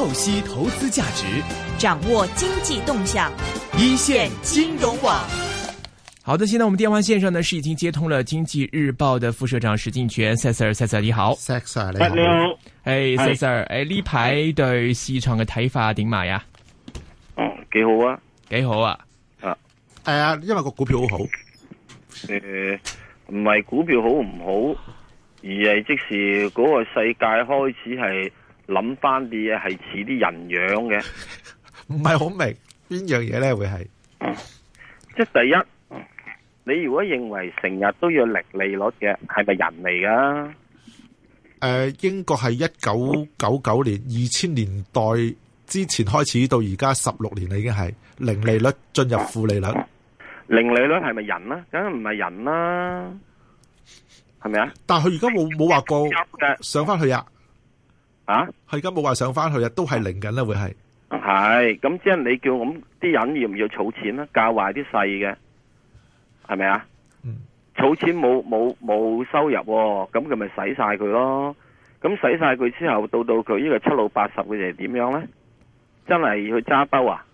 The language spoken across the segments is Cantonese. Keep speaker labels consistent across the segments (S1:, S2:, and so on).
S1: 透析投資價值，掌握經濟動向，
S2: 一線金融網。
S1: 好的，現在我們電話線上呢是已經接通了《經濟日報》的副社長石鏡泉，Sir Sir，你好，Sir 你好，你好，啊。哎，Sir 哎，呢排對市場嘅睇法點買呀？哦，幾好啊，幾好啊啊！
S2: 哎呀，因為個股、， 呃、股票好好。
S1: 誒，唔係股票好唔好，而係即時嗰個世界開始係。諗翻啲嘢係似啲人樣嘅，
S2: 唔係好明邊樣嘢咧會係。
S1: 即係第一，你如果認為成日都要零利率嘅，係咪人嚟㗎？
S2: 誒，英國係一九九九年二千年代之前開始到而家十六年啦，已經係零利率進入負利率。
S1: 零利率係咪人呀？梗係唔係人啦，
S2: 係咪啊？但係佢而家冇冇話過上翻去啊？啊，係而家冇話上翻去啊，都係零緊啦，會係
S1: 係咁，即係你叫咁啲人要唔要儲錢咧？教壞啲細嘅係咪啊？儲、嗯、錢冇冇冇收入，哦，咁佢咪使晒佢咯？咁使晒佢之後，到到佢呢個七老八十嘅人點樣咧？真係去揸兜啊？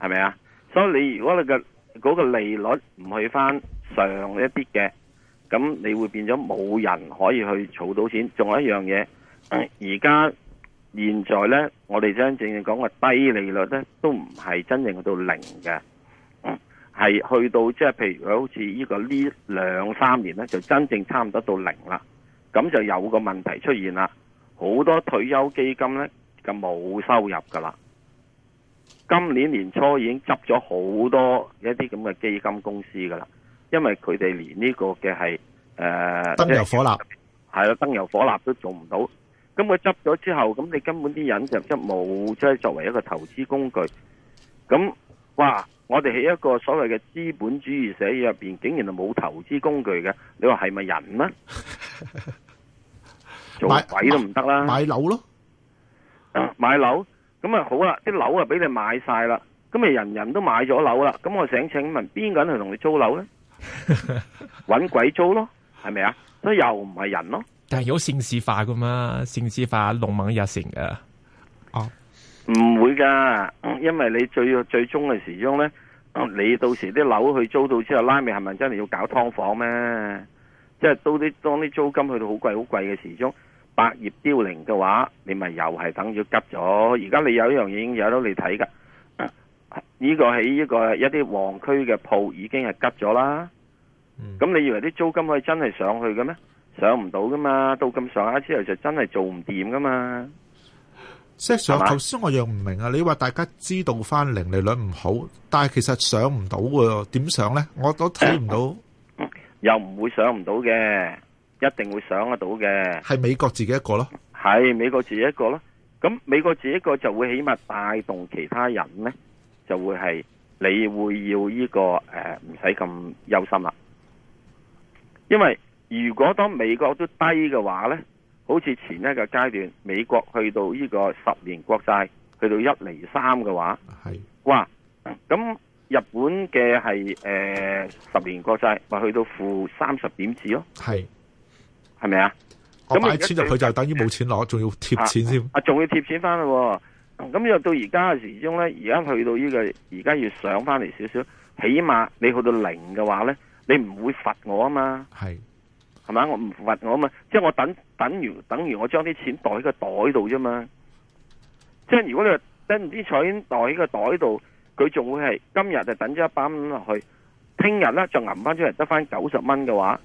S1: 係咪啊？所以你如果你嘅嗰個利率唔去翻上一啲嘅，咁你會變咗冇人可以去儲到錢。仲有一樣嘢。而家現，現在呢，我哋將正正講嘅低利率呢，都唔係真正去到零嘅，係去到即係譬如好似呢個呢兩三年呢，就真正差唔多到零啦。咁就有個問題出現啦，好多退休基金呢，就冇收入噶啦。今年年初已經執咗好多一啲咁嘅基金公司噶啦，因為佢哋連呢個嘅係誒燈油火蠟係咯，燈油火蠟都做唔到。咁佢執咗之後，咁你根本啲人就一冇即係作為一個投資工具。咁哇，我哋喺一個所謂嘅資本主義社入邊，竟然就冇投資工具嘅，你話係咪人呢
S2: 做鬼都唔得啦，買樓咯，
S1: 啊、買樓咁啊好啦，啲樓啊俾你買晒啦，咁咪人人都買咗樓啦，咁我想請問邊個人去同你租樓呢？搵 鬼租咯，係咪啊？所以又唔係人咯。但係有城市化噶嘛？城市化，農民入城嘅，哦，唔會噶，因為你最最終嘅時鐘咧，嗯、你到時啲樓去租到之後，拉尾係咪真係要搞劏房咩？即、就、係、是、當啲當啲租金去到好貴好貴嘅時鐘，百業凋零嘅話，你咪又係等住急咗。而家你有一樣嘢已經有得你睇噶，呢、這個喺呢、這個一啲旺區嘅鋪已經係急咗啦。咁、嗯、你以為啲租金可以真係上去嘅咩？上唔到噶嘛？到咁上下之後就真係做唔掂噶嘛？
S2: 即上，頭先我又唔明啊！你話大家知道翻零利率唔好，但係其實上唔到嘅，點上呢？我都睇唔到，
S1: 又唔會上唔到嘅，一定會上得到嘅。
S2: 係美國自己一個咯，
S1: 係美國自己一個咯。咁美國自己一個就會起碼帶動其他人呢，就會係你會要呢個誒唔使咁憂心啦，因為。如果當美國都低嘅話咧，好似前一個階段美國去到呢個十年國債去到一厘三嘅話，係是哇，咁日本嘅係誒十年國債咪去到負三十點
S2: 字咯，係係咪啊？
S1: 咁買錢入去就
S2: 係等於冇錢攞，仲要貼錢先
S1: 啊，仲、啊、要貼錢翻咯、啊。咁、嗯、又到而家嘅時鐘咧，而家去到呢、呢個而家要上翻嚟少少，起碼你去到零嘅話咧，你唔會罰我啊嘛，係。係嘛？我唔馴我啊嘛，即係我等等如等如我將啲錢袋喺個袋度啫嘛。即係如果你話將啲錢袋喺個袋度，佢仲會係今日就等咗一百蚊落去，聽日咧就揞翻出嚟得翻九十蚊嘅話，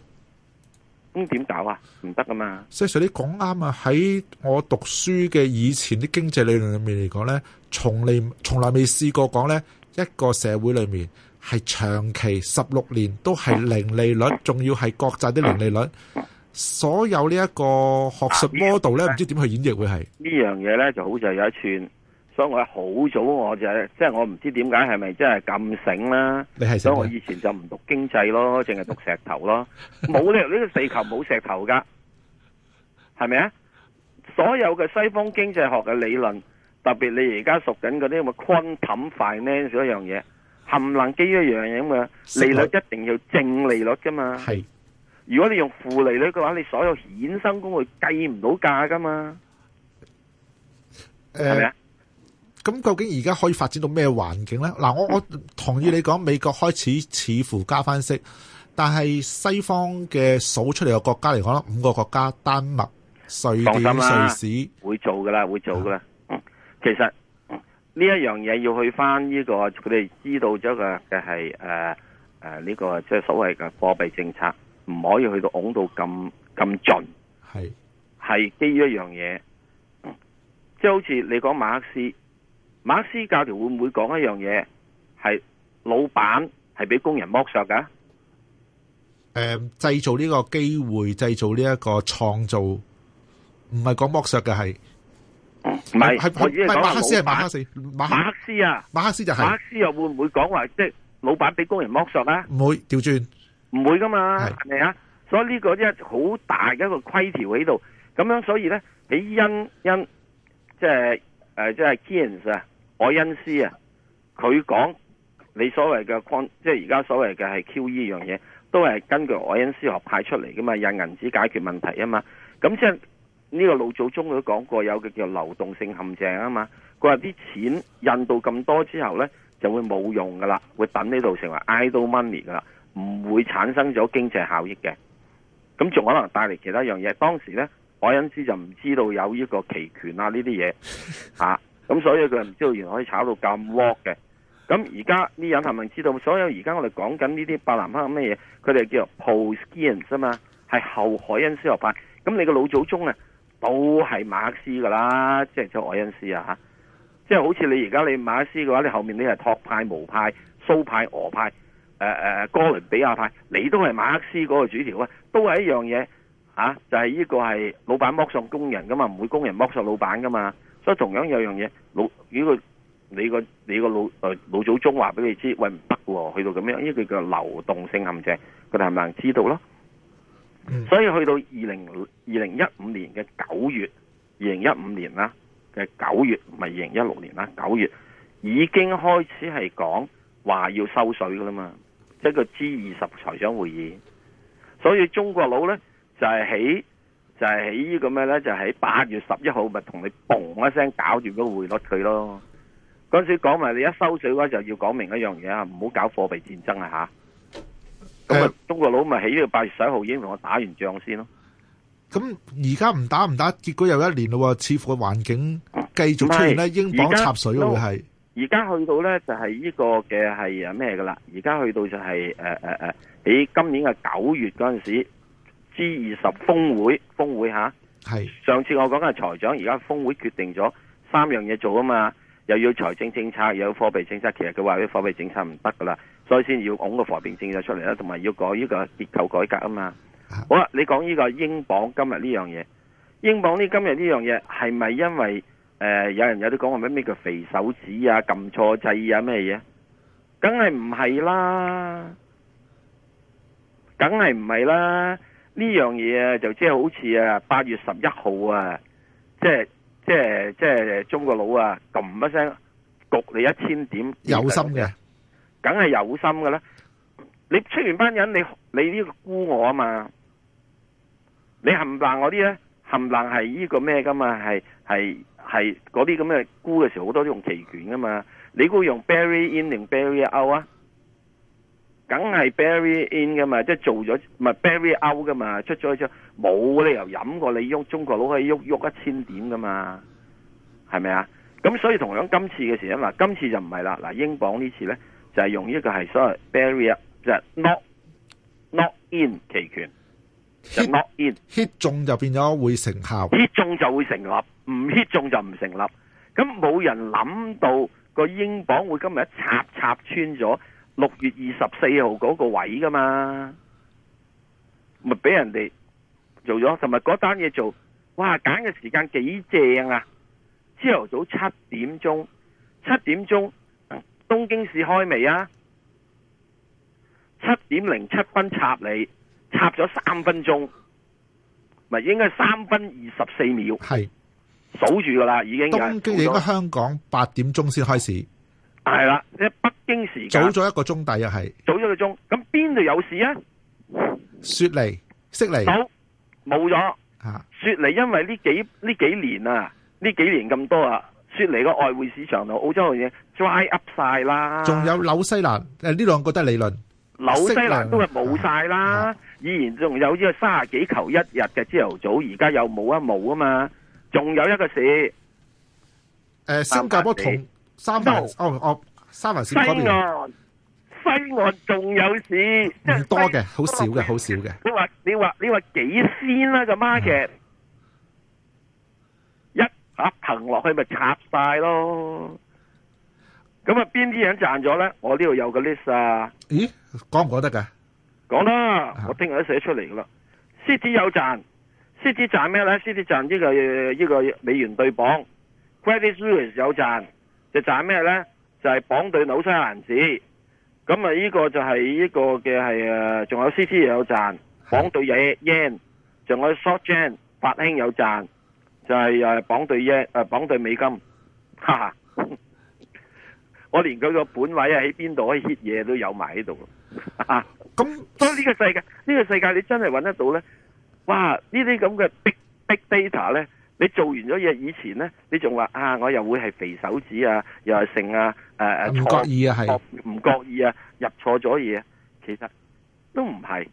S1: 咁點搞啊？唔得噶嘛。
S2: 所以你講啱啊！喺我讀書嘅以前啲經濟理論裏面嚟講咧，從嚟從來未試過講咧一個社會裏面。係長期十六年都係零利率，仲要係國債啲零利率。所有呢一個學術 model 咧，唔知點去演繹會係
S1: 呢樣嘢咧，就好似係有一串。所以我好早就、就係、我就即係我唔知點解係咪真係咁醒啦。你係醒。所以我以前就唔讀經濟咯，淨係讀石頭咯。冇理由呢個地球冇石頭噶，係咪啊？所有嘅西方經濟學嘅理論，特別你而家熟緊嗰啲咁嘅 quant finance 一樣嘢。含能機一樣嘢咁啊，利率一定要正利率噶嘛。係的，如果你用負利率嘅話，你所有衍生工具計唔到價噶嘛。
S2: 誒、呃，咁究竟而家可以發展到咩環境咧？嗱，我我同意你講，美國開始似乎加返息，但係西方嘅數出嚟嘅國家嚟講，五個國家：丹麥、瑞典、瑞士會做
S1: 噶啦，會做噶啦的、嗯。其實。呢一樣嘢要去翻呢、這個佢哋知道咗、呃呃這個嘅係誒誒呢個即係所謂嘅貨幣政策唔可以去到拱到咁咁盡，係係基於一樣嘢，即係好似你講馬克思，馬克思教條會唔會講一樣嘢？係老闆係俾工人剝削噶？
S2: 誒、呃，製造呢個機會，製造呢一個創造，唔係講剝削嘅係。唔係，係馬馬克思啊，馬克思，馬克，馬克思啊，馬克思就係、是、馬克思又會唔
S1: 會講話即係老闆俾工人剝削咧、啊？
S2: 唔會調轉，
S1: 唔會噶嘛，係咪啊？所以呢個一好大一個規條喺度，咁樣所以咧，你恩恩即係誒，即係、呃、Keynes 啊，凱恩斯啊，佢講你所謂嘅 con 即係而家所謂嘅係 QE 依樣嘢，都係根據凱恩斯學派出嚟噶嘛，印銀紙解決問題啊嘛，咁即係。呢個老祖宗都講過有嘅叫流動性陷阱啊嘛，佢話啲錢印到咁多之後呢，就會冇用噶啦，會等呢度成為 idle money 噶啦，唔會產生咗經濟效益嘅。咁仲可能帶嚟其他樣嘢。當時呢，海恩斯就唔知道有呢個期權啊呢啲嘢吓，咁、 啊、所以佢唔知道原來可以炒到咁 hot 嘅。咁而家啲人係咪知道，所有而家我哋講緊呢啲白藍克乜嘢，佢哋叫做 post Keynes 啊嘛，係後海恩斯學派。咁你個老祖宗呢？都係馬克思噶啦，即係左愛恩斯啊嚇！即、就、係、是、好似你而家你馬克思嘅話，你後面你係托派、毛派、蘇派、俄派、誒誒、呃、哥倫比亞派，你都係馬克思嗰個主調啊！都係一樣嘢啊！就係、是、呢個係老闆剝削工人噶嘛，唔會工人剝削老闆噶嘛，所以同樣有樣嘢老如果、這個、你個你個老誒老祖宗話俾你知，喂唔得喎，去到咁樣呢個叫流動性陷阱，佢哋係咪能知道咯？所以去到二零二零一五年嘅九月，二零一五年啦嘅九月，唔係二零一六年啦九月，已經開始係講話要收水噶啦嘛，即係個 G 二十財長會議。所以中國佬咧就係喺就係喺呢個咩咧就喺八月十一號咪同你嘣一聲搞住個匯率佢咯。嗰陣時講埋你一收水嘅話就要講明一樣嘢啊，唔好搞貨幣戰爭啊吓。誒，中國佬咪喺呢個八月十一號，已經同我打完仗先咯。
S2: 咁而家唔打唔打，結果又一年咯。似乎個環境繼續出現咧，現英鎊插水會係。
S1: 而家去到咧就係呢個嘅係啊咩噶啦？而家去到就係誒誒誒，喺、就是呃啊啊、今年嘅九月嗰陣時 G 二十峰會峰會吓，係、啊、上次我講緊係財長，而家峰會決定咗三樣嘢做啊嘛。又要財政政策，又要貨幣政策，其實佢話啲貨幣政策唔得噶啦，所以先要拱個貨幣政策出嚟啦，同埋要改呢個結構改革啊嘛。好啦，你講呢個英鎊今日呢樣嘢，英鎊呢今日呢樣嘢係咪因為誒、呃、有人有啲講話咩咩叫肥手指啊、撳錯掣啊咩嘢？梗係唔係啦，梗係唔係啦。呢樣嘢就即係好似啊八月十一號啊，
S2: 即係。
S1: 即係即係中國佬啊！撳一聲，焗你一千點，有心嘅，梗係有心噶啦！你出完班人，你你呢個估我啊嘛？你冚唪唥嗰啲咧？冚唪唥係呢個咩噶嘛？係係係嗰啲咁嘅估嘅時候，好多都用期權噶嘛？你估用 berry in 定 berry out 啊？梗係 barrier in 噶嘛，即係做咗唔係 barrier out 噶嘛，出咗去之後冇理由飲過你喐，中國佬可以喐喐一千點噶嘛，係咪啊？咁所以同樣今次嘅事因為今次就唔係啦，嗱，英鎊次呢次咧就係用一個係所謂 barrier up，就係 not not in 期權，hit, 就 not in
S2: hit 中就變咗會成效，hit
S1: 中就會成立，唔 hit 中就唔成立。咁冇人諗到個英鎊會今日一插插穿咗。六月二十四號嗰個位噶嘛，咪俾人哋做咗，同埋嗰單嘢做，哇揀嘅時間幾正啊！朝頭早七點鐘，七點鐘東京市開未啊？七點零七分插你插咗三分鐘，咪應該三分二十四秒，係數是住噶啦，已經。東京應該
S2: 香港八點鐘先開始，
S1: 係啦。一早咗一
S2: 個鐘，大約係
S1: 早咗一個鐘，咁邊度有事啊？
S2: 雪梨，悉尼，好，
S1: 冇咗吓。啊、雪梨因為呢幾呢幾年啊，呢幾年咁多啊，雪梨個外匯市場度澳洲嘅嘢 dry up 晒啦。仲有
S2: 紐西蘭誒，呢兩個都係理論，紐西蘭都
S1: 係冇晒啦。啊、以前仲有呢個卅幾球一日嘅朝頭早，而家又冇啊冇啊嘛。仲有一個市，誒、
S2: 啊，新加坡同三十哦十哦。哦三環市西岸，西岸仲有市，岸唔多嘅，好對少嘅，好少嘅。你話你
S1: 話你話幾仙啦、啊這個 market？、嗯、一吓行落去咪插晒咯。咁啊，邊啲人賺咗咧？我呢度有個 list 啊。
S2: 咦，講唔講得噶？
S1: 講啦吧，嗯、我聽日都寫出嚟噶啦。獅子有賺，獅子賺咩咧？獅子賺呢、這個呢、這個美元對鎊 Credit Suisse 有賺，就賺咩咧？就係綁對紐西蘭紙，咁啊呢個就係呢個嘅係誒，仲有 C T 又有賺，綁對耶 yen，仲有 short yen，法興有賺，就係，是，誒綁對耶誒綁對美金，哈哈，我連佢個本位喺邊度，可以 hit 嘢都有埋喺度咯。咁所以呢個世界，呢，呢個世界你真係搵得到咧？哇！呢啲咁嘅 big big data 咧～你做完咗嘢以前咧，你仲話啊我又會係肥手指啊，又係成啊誒誒，唔、啊啊、覺意啊係唔覺意啊入錯咗嘢，其實都唔係，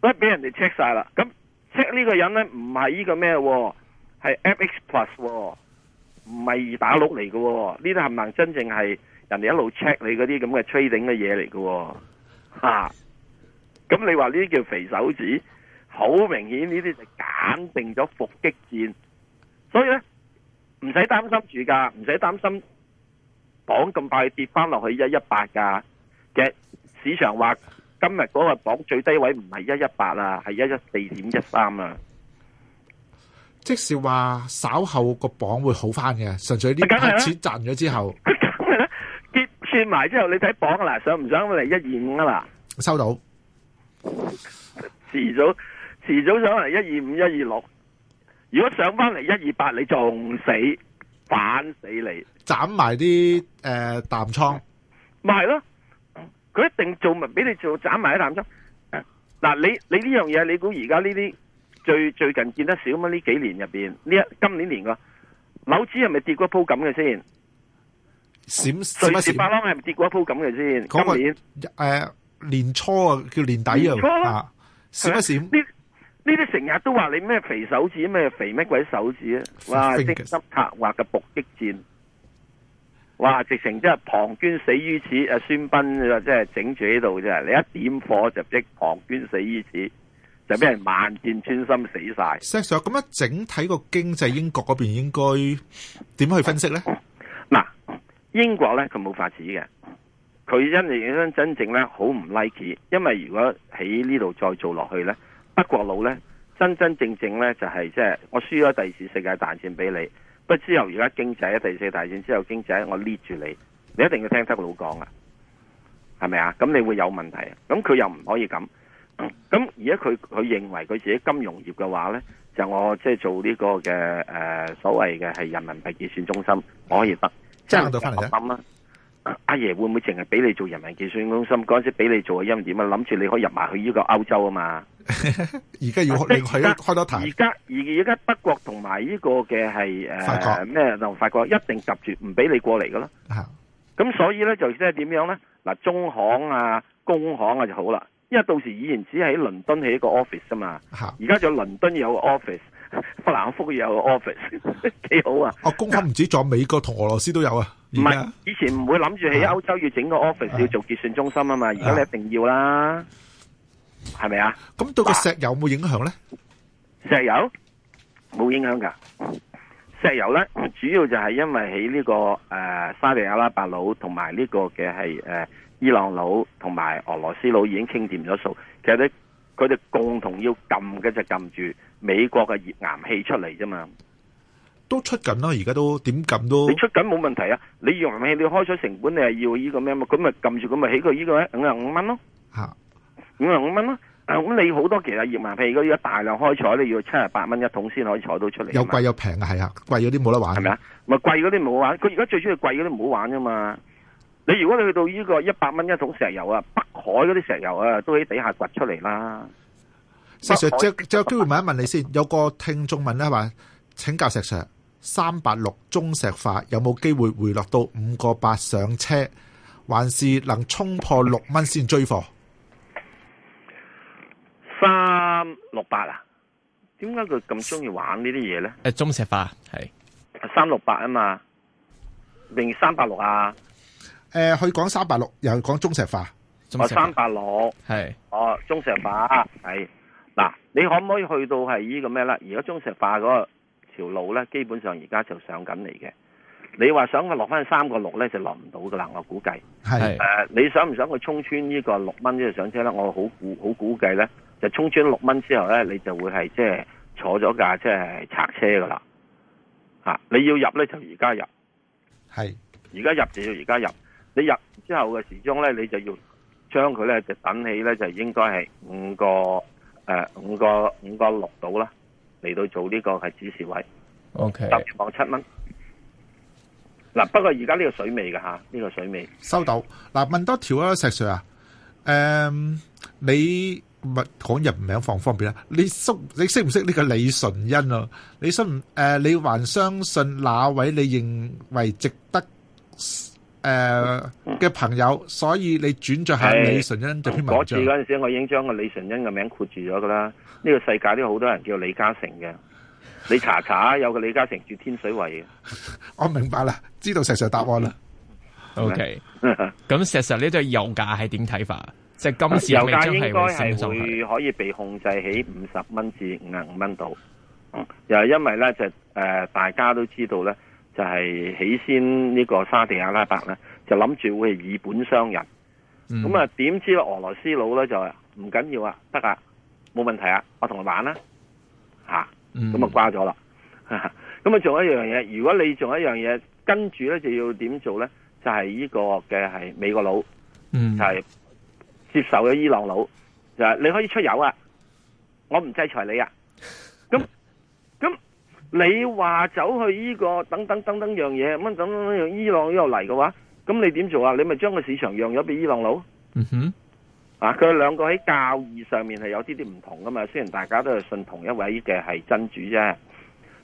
S1: 都係俾人哋 check 晒啦。咁 check 呢個人咧唔係呢個咩，係 FX Plus 唔係二打六嚟嘅，呢啲係唔能真正係人哋一路 check 你嗰啲咁嘅 trading 嘅嘢嚟嘅吓。咁、啊、你話呢啲叫肥手指，好明顯呢啲就揀定咗伏擊戰。所以咧，唔使擔心住價，唔使擔心榜咁快跌翻落去一一八噶嘅市場話，今日嗰個榜最低位唔係一一八啊，係一一四點一三啊。
S2: 即是話稍後個榜會好翻嘅，純粹呢啲錢賺咗之後。咁啊，
S1: 結算埋之後，你睇榜啊啦，上唔上嚟一二五啊啦？收到，遲早遲早上嚟一二五一二六。如果上翻嚟一二八，1, 2, 8, 你仲死，反死你，
S2: 斬埋啲誒淡倉，咪係咯，
S1: 佢一定做咪俾你做斬埋啲淡倉。嗱、啊，你你呢樣嘢，你估而家呢啲最最近見得少乜？呢幾年入邊呢？今年年嘅，樓市係咪跌過一鋪咁嘅先？閃
S2: 一閃，百
S1: 啷係咪跌過一鋪咁嘅先？那個、今
S2: 年誒、呃、年初啊，叫年底年啊，閃一閃。
S1: 呢啲成日都話你咩肥手指，咩肥乜鬼手指啊！哇，啲濕塔畫嘅伏擊戰，哇，直情即係龐涓死於此，誒，孫臏即係整住喺度啫。你一點火就即龐涓死於此，就俾人
S2: 萬箭穿心死晒。Sir，咁啊，整體個經濟英國嗰邊應該點去分析咧？嗱，英國咧佢冇法子嘅，佢
S1: 因為真正咧好唔 like，因為如果喺呢度再做落去咧。德國佬咧，真真正正咧就係即係我輸咗第二次世界大戰俾你，不過之後而家經濟第四大戰之後經濟，我列住你，你一定要聽德國佬講啊，係咪啊？咁你會有問題啊？咁佢又唔可以咁，咁而家佢佢認為佢自己金融業嘅話咧，就我即係做呢個嘅誒、呃，所謂嘅係人民幣結算中心，我可以得，即係我到翻嚟諗啦。阿、啊、爺會唔會淨係俾你做人民幣結算中心？嗰陣時俾你做因為點啊？諗住你可以入埋去呢個歐洲啊嘛。
S2: 而家要開
S1: 開多題，而家而而家德國同埋呢個嘅係誒咩？就法國一定夾住唔俾你過嚟噶啦。吓，咁所以咧就即係點樣咧？嗱，中行啊、工行啊就好啦，因為到時以前只係喺倫敦起一個 office 吖嘛。吓，而家仲倫敦有個 office，法蘭福，有有 office，幾好啊。
S2: 哦，工行唔止咗美國同俄羅斯都有啊。唔係，
S1: 以前唔會諗住喺歐洲要整個 office 要做結算中心啊嘛。而家你一定要啦。係咪啊？
S2: 咁對那個石油冇影響咧、
S1: 啊？石油冇影響噶，石油咧主要就係因為喺呢、這個誒、呃、沙地阿拉伯佬同埋呢個嘅係誒伊朗佬同埋俄羅斯佬已經傾掂咗數，其實咧佢哋共同要撳嘅就撳住美國嘅頁岩氣出嚟啫嘛，
S2: 都出緊啦，而家都點撳都，都你出
S1: 緊冇問題啊！你頁岩氣你開咗成本你係要依個咩嘛？咁咪撳住，咁咪起個依個五廿五蚊咯，吓五廿五蚊咯。咁你好多其他業務，譬如如果依家大量開採你要七十八蚊一桶先可以採到出嚟，又貴
S2: 又平啊，係啊，貴嗰啲冇得玩，係
S1: 咪啊？咪貴嗰啲唔好玩，佢而家最中意貴嗰啲唔好玩啫嘛。你如果你去到呢個一百蚊一桶石油啊，北海嗰啲石油啊，都喺底下掘出嚟啦。石 Sir，即
S2: 即有機會問一問你先，有個聽眾問咧話，請教石 Sir，三八六中石化有冇機會回落到五個八上車，還是能衝破六蚊先追貨？
S1: 三六八啊？點解佢咁中意玩呢啲嘢咧？
S2: 誒，中石化係
S1: 三六八啊嘛，定三八六啊。
S2: 誒、呃，佢講三八六，又講中石化。中石化哦，三八六係
S1: 是哦，中石化係嗱，你可唔可以去到係呢個咩咧？而家中石化嗰個條路咧，基本上而家就上緊嚟嘅。你話想去落翻三個六咧，就落唔到㗎啦。我估計係誒，你想唔想去沖穿呢個六蚊呢度上車咧？我好估好估計咧。就沖穿六蚊之後咧，你就會係即係坐咗架即係拆車噶啦，嚇、啊！你要入咧就而家入，係而家入就要而家入。你入之後嘅時鐘咧，你就要將佢咧就等起咧，就應該係五個誒、呃、五個五個六度啦，嚟到做呢個係指示位。O K. 十二磅七蚊。嗱、啊，不過而家呢個水尾嘅嚇，呢、這個水尾
S2: 收到。嗱、啊，問多條啦，石 Sir 啊，誒、嗯、你？咪講人名方方便啊！你熟你識唔識呢個李純恩啊？你信唔？誒、呃，你還相信哪位你認為值得誒嘅、呃、朋友？所以你轉咗下李純恩這篇文章嗰
S1: 時，我已經將個李純恩嘅名括住咗噶啦。呢、這個世界都有好多人叫李嘉誠嘅，你查查有個李嘉誠住天水圍。
S2: 我明白啦，知道石 Sir 答案啦。OK，咁 石 Sir 呢對
S1: 油價係點睇法？石油價應該係會可以被控制喺五十蚊至五十五蚊度。又係因為咧就誒、呃，大家都知道咧，就係、是、起先呢個沙特阿拉伯咧，就諗住會是以本傷人。咁、嗯、啊，點知俄羅斯佬咧就係唔緊要啊，得啊，冇問題啊，我同佢玩啦。吓。咁啊，瓜咗啦。咁啊，嗯、仲有一樣嘢。如果你仲有一樣嘢，跟住咧就要點做咧？就係、是、呢個嘅係美國佬。嗯。係。接受咗伊朗佬，就係、是、你可以出遊啊，我唔制裁你啊。咁咁你話走去依個等等等等樣嘢乜等等樣伊朗呢度嚟嘅話，咁你點做啊？你咪將個市場讓咗俾伊朗佬。嗯哼，啊，佢兩個喺教義上面係有啲啲唔同噶嘛。雖然大家都係信同一位嘅係真主啫。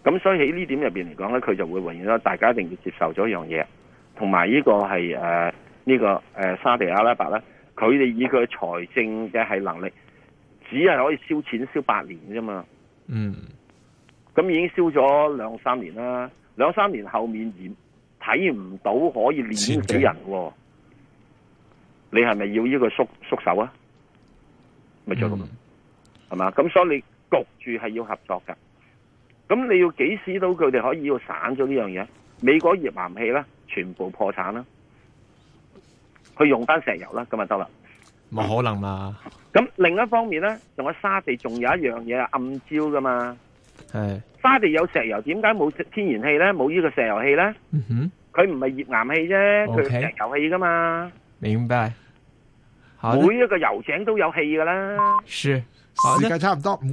S1: 咁所以喺呢點入邊嚟講咧，佢就會永遠咧，大家一定要接受咗一樣嘢。同埋呢個係誒呢個誒、呃、沙地阿拉伯咧。佢哋以佢嘅財政嘅係能力，只係可以燒錢燒八年啫嘛。嗯，咁已經燒咗兩三年啦，兩三年後面而睇唔到可以攣死人喎。定你係咪要呢個縮縮手啊？咪就係咁，係嘛、嗯？咁所以你焗住係要合作嘅。咁你要幾時到佢哋可以要省咗呢樣嘢？美國頁岩氣啦，全部破產啦。佢用翻石油啦，咁咪得啦。冇可能嘛。咁另一方面咧，仲有沙地，仲有一樣嘢暗礁噶嘛。係沙地有石油，點解冇天然氣咧？冇呢個石油氣咧？嗯哼，佢唔係頁岩氣啫，佢石油氣噶嘛。明白。
S2: 每一
S1: 個油井都有氣噶啦。是，時間差唔多，唔該。